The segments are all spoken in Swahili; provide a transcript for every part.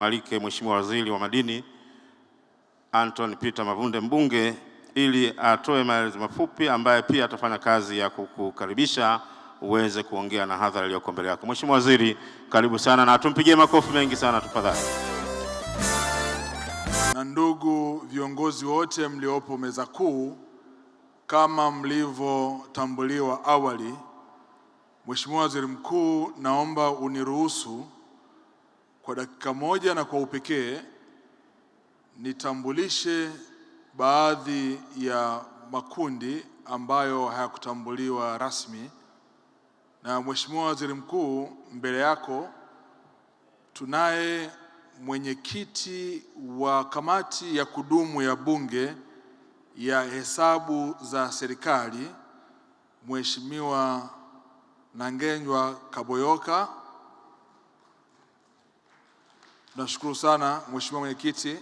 Alike Mheshimiwa Waziri wa Madini Anton Peter Mavunde Mbunge ili atoe maelezo mafupi, ambaye pia atafanya kazi ya kukukaribisha uweze kuongea na hadhara iliyoko mbele yako. Mheshimiwa Waziri, karibu sana na tumpigie makofi mengi sana tafadhali. Na ndugu viongozi wote mliopo meza kuu, kama mlivyotambuliwa awali, Mheshimiwa Waziri Mkuu, naomba uniruhusu kwa dakika moja na kwa upekee nitambulishe baadhi ya makundi ambayo hayakutambuliwa rasmi. Na Mheshimiwa Waziri Mkuu, mbele yako tunaye mwenyekiti wa kamati ya kudumu ya Bunge ya hesabu za serikali Mheshimiwa Nangenywa Kaboyoka Tunashukuru sana Mheshimiwa Mwenyekiti,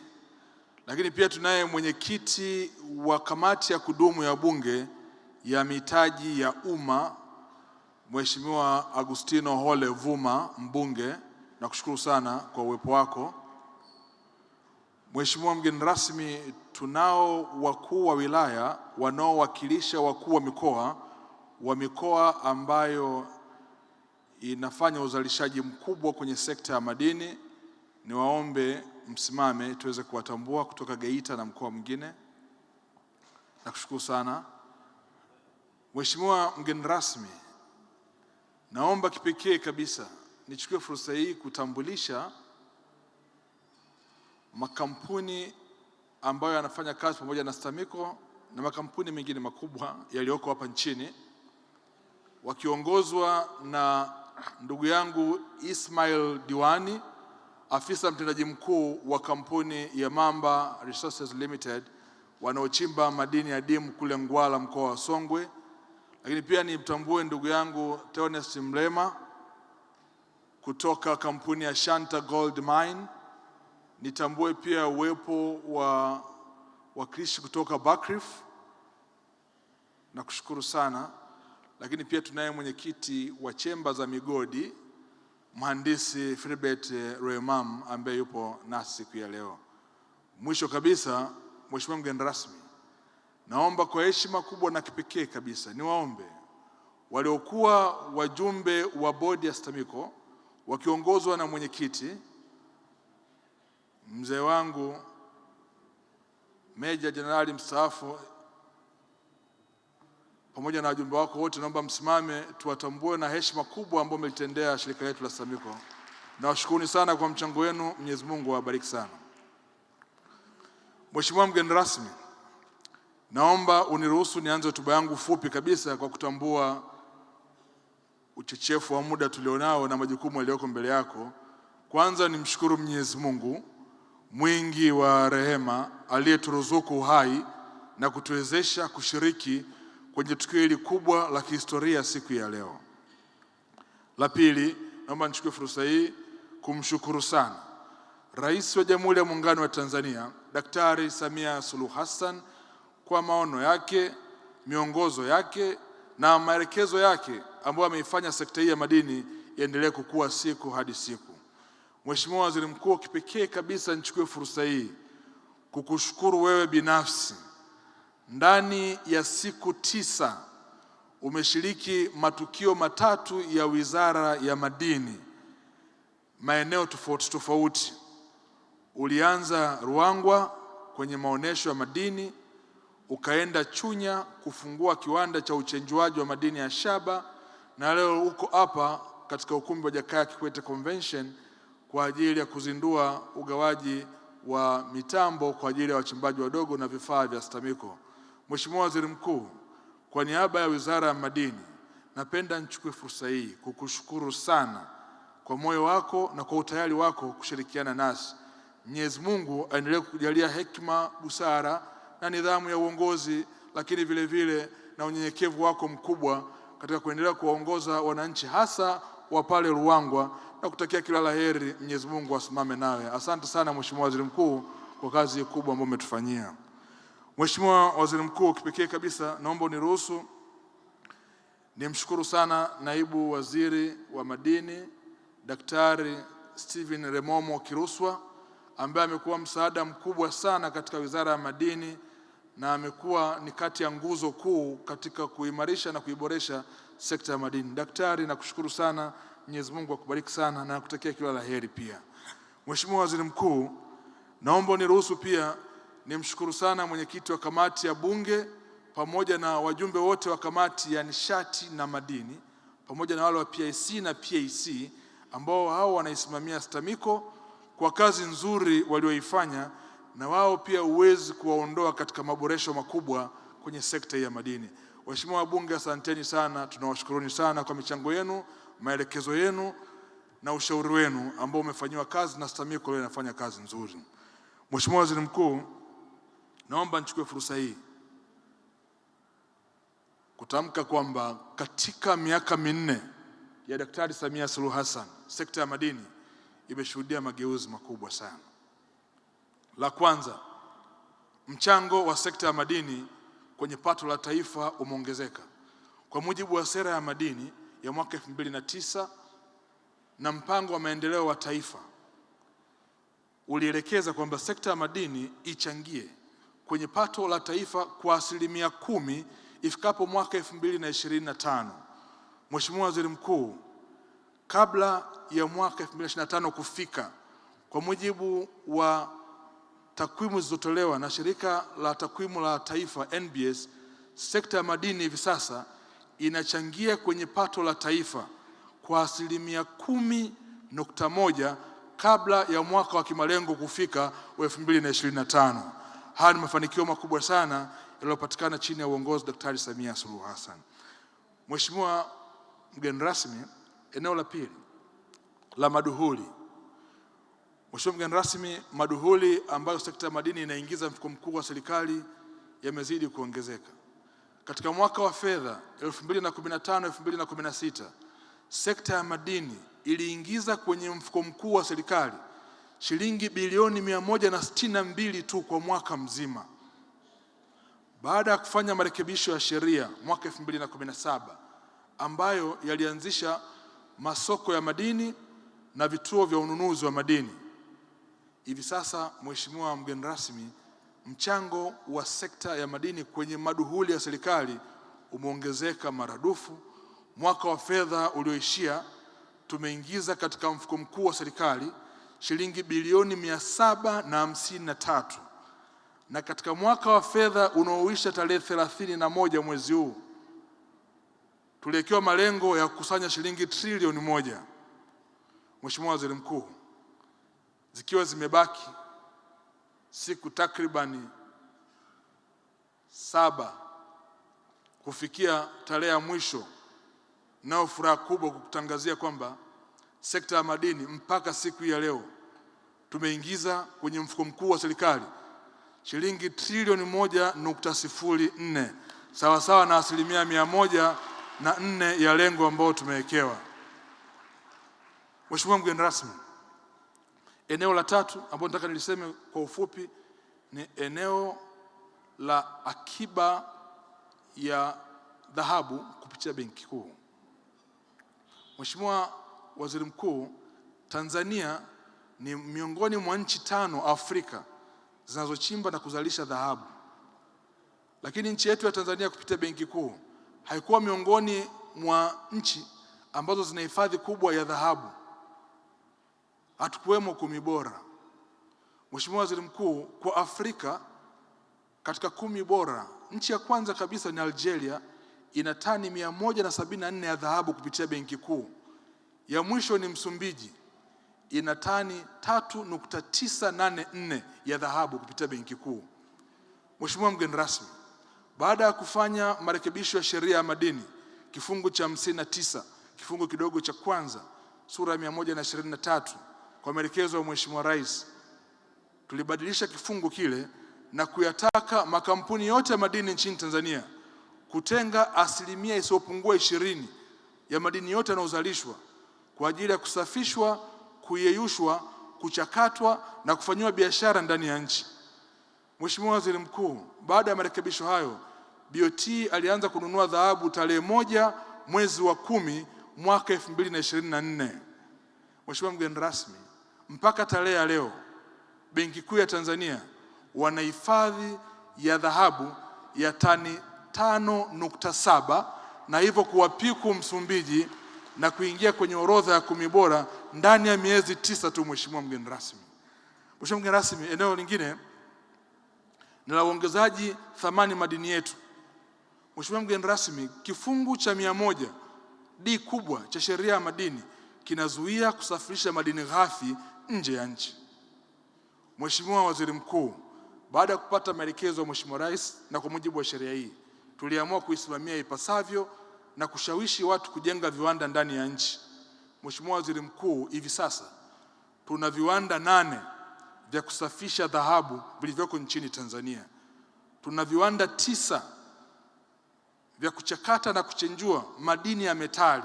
lakini pia tunaye mwenyekiti wa kamati ya kudumu ya Bunge ya mitaji ya umma Mheshimiwa Agustino Hole Vuma mbunge, nakushukuru sana kwa uwepo wako. Mheshimiwa mgeni rasmi, tunao wakuu wa wilaya wanaowakilisha wakuu wa mikoa wa mikoa ambayo inafanya uzalishaji mkubwa kwenye sekta ya madini niwaombe msimame tuweze kuwatambua kutoka Geita na mkoa mwingine. Nakushukuru sana Mheshimiwa mgeni rasmi, naomba kipekee kabisa nichukue fursa hii kutambulisha makampuni ambayo yanafanya kazi pamoja na STAMICO na makampuni mengine makubwa yaliyoko hapa nchini wakiongozwa na ndugu yangu Ismail Diwani afisa mtendaji mkuu wa kampuni ya Mamba Resources Limited wanaochimba madini ya dimu kule Ngwala mkoa wa Songwe, lakini pia nimtambue ndugu yangu Theonest Mrema kutoka kampuni ya Shanta Gold Mine. Nitambue pia uwepo wa wakilishi kutoka Bakrif, kushukuru sana. Lakini pia tunaye mwenyekiti wa chemba za migodi mhandisi Philbert eh, Roemam ambaye yupo nasi siku ya leo. Mwisho kabisa, Mheshimiwa mgeni rasmi, naomba kwa heshima kubwa na kipekee kabisa niwaombe waliokuwa wajumbe wa bodi ya stamiko wakiongozwa na mwenyekiti mzee wangu Meja Jenerali mstaafu pamoja na wajumbe wako wote, naomba msimame tuwatambue na heshima kubwa ambayo umelitendea shirika letu la Samiko. Nawashukuruni sana kwa mchango wenu. Mwenyezi Mungu awabariki sana. Mheshimiwa mgeni rasmi, naomba uniruhusu nianze hotuba yangu fupi kabisa kwa kutambua uchechefu wa muda tulionao na majukumu yaliyoko mbele yako. Kwanza nimshukuru Mwenyezi Mungu mwingi wa rehema aliyeturuzuku uhai na kutuwezesha kushiriki kwenye tukio hili kubwa la kihistoria siku ya leo. La pili, naomba nichukue fursa hii kumshukuru sana Rais wa Jamhuri ya Muungano wa Tanzania Daktari Samia Suluhu Hassan kwa maono yake, miongozo yake na maelekezo yake ambayo ameifanya sekta hii ya madini iendelee kukua siku hadi siku. Mheshimiwa Waziri Mkuu, kipekee kabisa nichukue fursa hii kukushukuru wewe binafsi ndani ya siku tisa umeshiriki matukio matatu ya Wizara ya Madini maeneo tofauti tofauti. Ulianza Ruangwa kwenye maonesho ya madini, ukaenda Chunya kufungua kiwanda cha uchenjuaji wa madini ya shaba, na leo uko hapa katika ukumbi wa Jakaya Kikwete Convention kwa ajili ya kuzindua ugawaji wa mitambo kwa ajili ya wachimbaji wadogo na vifaa vya STAMICO. Mheshimiwa Waziri Mkuu, kwa niaba ya Wizara ya Madini napenda nichukue fursa hii kukushukuru sana kwa moyo wako na kwa utayari wako kushirikiana nasi. Mwenyezi Mungu aendelee kukujalia hekima, busara na nidhamu ya uongozi, lakini vile vile na unyenyekevu wako mkubwa katika kuendelea kuwaongoza wananchi hasa wa pale Ruangwa na kutakia kila la heri. Mwenyezi Mungu asimame nawe. Asante sana Mheshimiwa Waziri Mkuu kwa kazi kubwa ambayo umetufanyia. Mheshimiwa Waziri Mkuu, kipekee kabisa naomba uniruhusu nimshukuru sana Naibu Waziri wa Madini Daktari Steven Remomo Kiruswa ambaye amekuwa msaada mkubwa sana katika Wizara ya Madini na amekuwa ni kati ya nguzo kuu katika kuimarisha na kuiboresha sekta ya madini. Daktari, nakushukuru sana. Mwenyezi Mungu akubariki sana na nakutakia kila la heri. Pia Mheshimiwa Waziri Mkuu, naomba niruhusu pia Nimshukuru sana mwenyekiti wa kamati ya Bunge pamoja na wajumbe wote wa kamati ya nishati na madini pamoja na wale wa PIC na PAC ambao hao wanaisimamia stamiko kwa kazi nzuri walioifanya, na wao pia huwezi kuwaondoa katika maboresho makubwa kwenye sekta ya madini. Waheshimiwa wabunge, asanteni sana, tunawashukuruni sana kwa michango yenu, maelekezo yenu na ushauri wenu ambao umefanyiwa kazi na stamiko leo inafanya kazi nzuri. Mheshimiwa Waziri Mkuu Naomba nichukue fursa hii kutamka kwamba katika miaka minne ya Daktari Samia Suluhu Hassan, sekta ya madini imeshuhudia mageuzi makubwa sana. La kwanza, mchango wa sekta ya madini kwenye pato la taifa umeongezeka. Kwa mujibu wa sera ya madini ya mwaka 2009 na mpango wa maendeleo wa taifa ulielekeza kwamba sekta ya madini ichangie kwenye pato la taifa kwa asilimia kumi ifikapo mwaka 2025. Mheshimiwa Waziri Mkuu, kabla ya mwaka 2025 kufika, kwa mujibu wa takwimu zilizotolewa na shirika la takwimu la taifa NBS, sekta ya madini hivi sasa inachangia kwenye pato la taifa kwa asilimia kumi nukta moja kabla ya mwaka wa kimalengo kufika wa 2025. Haya ni mafanikio makubwa sana yaliyopatikana chini ya uongozi wa Daktari Samia Suluhu Hassan. Mheshimiwa mgeni rasmi, eneo la pili la maduhuli. Mheshimiwa mgeni rasmi, maduhuli ambayo sekta ya madini inaingiza mfuko mkuu wa serikali yamezidi kuongezeka. Katika mwaka wa fedha 2015 2016 sekta ya madini iliingiza kwenye mfuko mkuu wa serikali shilingi bilioni mia moja na sitini na mbili tu kwa mwaka mzima. Baada ya kufanya marekebisho ya sheria mwaka 2017 ambayo yalianzisha masoko ya madini na vituo vya ununuzi wa madini, hivi sasa, Mheshimiwa mgeni rasmi, mchango wa sekta ya madini kwenye maduhuli ya serikali umeongezeka maradufu. Mwaka wa fedha ulioishia tumeingiza katika mfuko mkuu wa serikali shilingi bilioni mia saba na hamsini na tatu na katika mwaka wa fedha unaoisha tarehe thelathini na moja mwezi huu tuliwekewa malengo ya kukusanya shilingi trilioni moja. Mheshimiwa Waziri Mkuu, zikiwa zimebaki siku takribani saba kufikia tarehe ya mwisho, nao furaha kubwa kukutangazia kwamba sekta ya madini mpaka siku ya leo tumeingiza kwenye mfuko mkuu wa serikali shilingi trilioni moja nukta sifuri nne sawasawa na asilimia mia moja na nne ya lengo ambayo tumewekewa. Mheshimiwa mgeni rasmi, eneo la tatu ambayo nataka niliseme kwa ufupi ni eneo la akiba ya dhahabu kupitia Benki Kuu. Mheshimiwa waziri mkuu, Tanzania ni miongoni mwa nchi tano Afrika zinazochimba na kuzalisha dhahabu, lakini nchi yetu ya Tanzania kupitia Benki Kuu haikuwa miongoni mwa nchi ambazo zina hifadhi kubwa ya dhahabu, hatukuwemo kumi bora. Mheshimiwa Waziri Mkuu, kwa Afrika katika kumi bora, nchi ya kwanza kabisa ni Algeria, ina tani 174 ya dhahabu kupitia Benki Kuu ya mwisho ni Msumbiji, ina tani 3.984 ya dhahabu kupitia benki kuu. Mheshimiwa mgeni rasmi, baada ya kufanya marekebisho ya sheria ya madini kifungu cha 59 kifungu kidogo cha kwanza sura ya 123 kwa maelekezo ya Mheshimiwa Rais, tulibadilisha kifungu kile na kuyataka makampuni yote ya madini nchini Tanzania kutenga asilimia isiyopungua ishirini ya madini yote yanayozalishwa kwa ajili ya kusafishwa, kuyeyushwa, kuchakatwa na kufanyiwa biashara ndani ya nchi. Mheshimiwa Waziri Mkuu, baada ya marekebisho hayo, BOT alianza kununua dhahabu tarehe moja mwezi wa kumi mwaka 2024. Mheshimiwa mgeni rasmi, mpaka tarehe ya leo Benki Kuu ya Tanzania wana hifadhi ya dhahabu ya tani 5.7 na hivyo kuwapiku Msumbiji na kuingia kwenye orodha ya kumi bora ndani ya miezi tisa tu. Mheshimiwa mgeni rasmi, Mheshimiwa mgeni rasmi, eneo lingine ni la uongezaji thamani madini yetu. Mheshimiwa mgeni rasmi, kifungu cha mia moja D kubwa cha sheria ya madini kinazuia kusafirisha madini ghafi nje ya nchi. Mheshimiwa Waziri Mkuu, baada ya kupata maelekezo ya Mheshimiwa Rais na kwa mujibu wa sheria hii tuliamua kuisimamia ipasavyo na kushawishi watu kujenga viwanda ndani ya nchi. Mheshimiwa Waziri Mkuu, hivi sasa tuna viwanda nane vya kusafisha dhahabu vilivyoko nchini Tanzania. Tuna viwanda tisa vya kuchakata na kuchenjua madini ya metali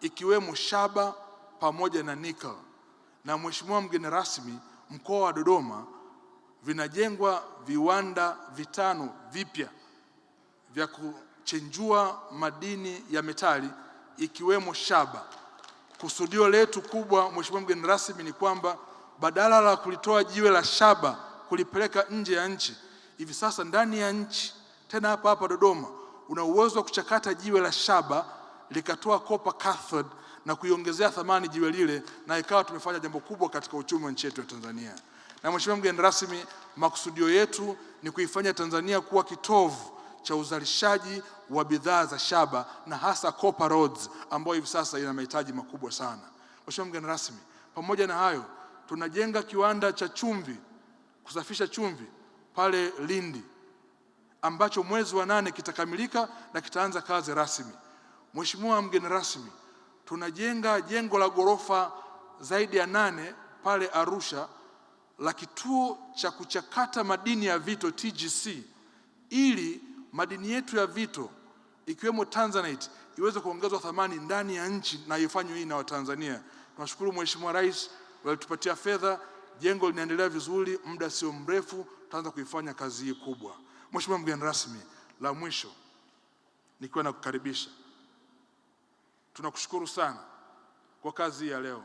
ikiwemo shaba pamoja na nickel. Na Mheshimiwa mgeni rasmi, mkoa wa Dodoma vinajengwa viwanda vitano vipya vya ku chenjua madini ya metali ikiwemo shaba. Kusudio letu kubwa, Mheshimiwa mgeni rasmi, ni kwamba badala la kulitoa jiwe la shaba kulipeleka nje ya nchi, hivi sasa ndani ya nchi tena hapa hapa Dodoma una uwezo wa kuchakata jiwe la shaba likatoa copper cathode na kuiongezea thamani jiwe lile, na ikawa tumefanya jambo kubwa katika uchumi wa nchi yetu ya Tanzania. Na Mheshimiwa mgeni rasmi, makusudio yetu ni kuifanya Tanzania kuwa kitovu cha uzalishaji wa bidhaa za shaba na hasa copper rods ambayo hivi sasa ina mahitaji makubwa sana. Mheshimiwa mgeni rasmi, pamoja na hayo tunajenga kiwanda cha chumvi kusafisha chumvi pale Lindi ambacho mwezi wa nane kitakamilika na kitaanza kazi rasmi. Mheshimiwa mgeni rasmi, tunajenga jengo la ghorofa zaidi ya nane pale Arusha la kituo cha kuchakata madini ya vito TGC ili madini yetu ya vito ikiwemo Tanzanite iweze kuongezwa thamani ndani ya nchi na ifanywe hii na Watanzania. Tunashukuru Mheshimiwa Rais, walitupatia fedha, jengo linaendelea vizuri, muda sio mrefu tutaanza kuifanya kazi hii kubwa. Mheshimiwa mgeni rasmi, la mwisho nikiwa nakukaribisha, tunakushukuru sana kwa kazi ya leo.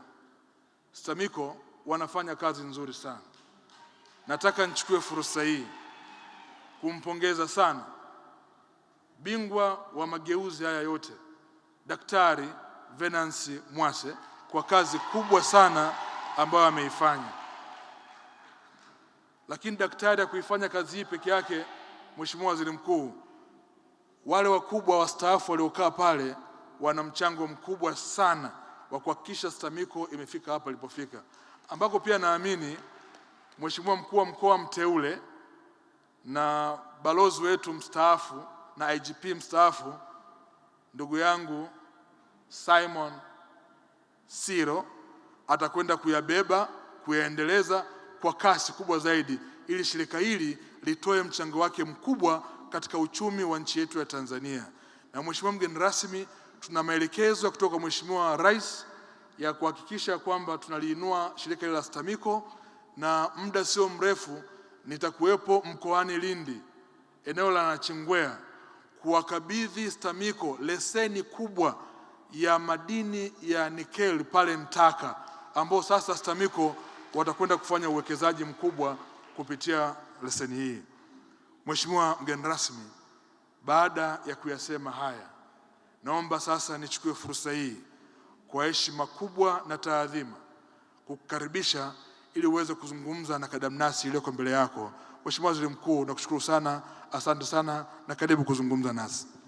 stamiko wanafanya kazi nzuri sana. Nataka nichukue fursa hii kumpongeza sana bingwa wa mageuzi haya yote, Daktari Venance Mwase kwa kazi kubwa sana ambayo ameifanya. Lakini daktari hakuifanya kazi hii peke yake, Mheshimiwa Waziri Mkuu, wale wakubwa wastaafu waliokaa pale wana mchango mkubwa sana wa kuhakikisha STAMIKO imefika hapa ilipofika, ambako pia naamini Mheshimiwa mkuu wa mkoa mteule na balozi wetu mstaafu na IGP mstaafu ndugu yangu Simon Siro atakwenda kuyabeba kuyaendeleza kwa kasi kubwa zaidi, ili shirika hili litoe mchango wake mkubwa katika uchumi wa nchi yetu ya Tanzania. Na Mheshimiwa mgeni rasmi, tuna maelekezo kutoka kwa Mheshimiwa Rais ya kuhakikisha kwamba tunaliinua shirika hili la STAMICO, na muda sio mrefu nitakuwepo mkoani Lindi, eneo la Nachingwea kuwakabidhi STAMICO leseni kubwa ya madini ya nikel pale Mtaka, ambao sasa STAMICO watakwenda kufanya uwekezaji mkubwa kupitia leseni hii. Mheshimiwa mgeni rasmi, baada ya kuyasema haya, naomba sasa nichukue fursa hii kwa heshima kubwa na taadhima kukukaribisha ili uweze kuzungumza na kadamnasi iliyoko mbele yako. Mheshimiwa Waziri Mkuu, nakushukuru sana, asante sana na karibu kuzungumza nasi.